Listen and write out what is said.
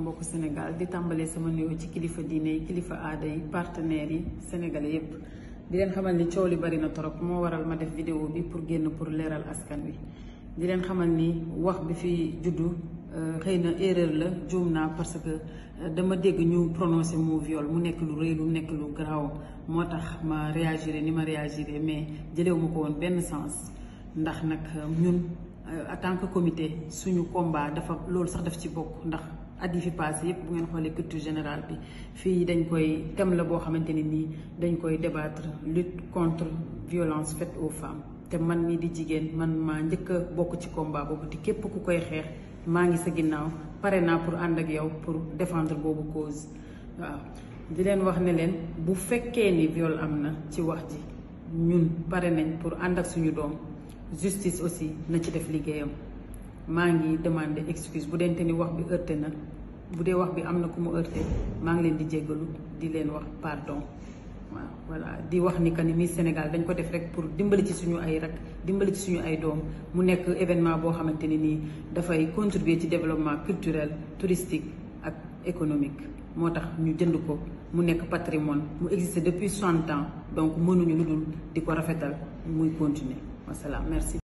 mbokku Sénégal di tàmbalee sama nuyoo ci kilifa diine yi kilifa aada yi partenaires yi sénégalais yépp di leen xamal ni coow li bari na torop moo waral ma def vidéo bi pour génn pour leeral askan wi di leen xamal ni wax bi fi juddu euh, xëy na erreur la juum naa parce que euh, dama dégg ñu prononcé mot viol mu nekk lu rëy lu nekk lu garaaw moo tax ma réagiré ni ma réagiré mais jëlewu ma ko woon benn sens ndax nag euh, ñun. Euh, en tant que comité suñu combat dafa loolu sax daf ci bokk ndax at yi fi passé yëpp bu ngeen xoolee culture générale bi fii dañ koy thème la boo xamante ne nii dañ koy débattre lutte contre violence faite aux femmes te man mii di jigéen man maa njëkk a bokk ci combat boobu te képp ku koy xeex maa ngi sa ginnaaw pare naa pour ànd ak yow pour defendre boobu cause waaw di leen wax ne leen bu fekkee ni viol am na ci wax ji ñun pare nañ pour ànd ak suñu doom justice aussi na ci def liggéeyam maa ngi demande excuse bu dente ni wax bi heurté na bu dee wax bi am na ku mu heurté maa ngi leen di jéggalu di leen wax pardon waa voilà di wax ni que ni Sénégal dañ ko def rek pour dimbali ci suñu ay rak dimbali ci suñu ay doom mu nekk événement boo xamante ni nii dafay contribuer ci développement culturel touristique ak économique moo tax ñu jënd ko mu nekk patrimoine mu existe depuis soixante ans donc mënuñu lu dul di ko rafetal muy continuer wasalaam merci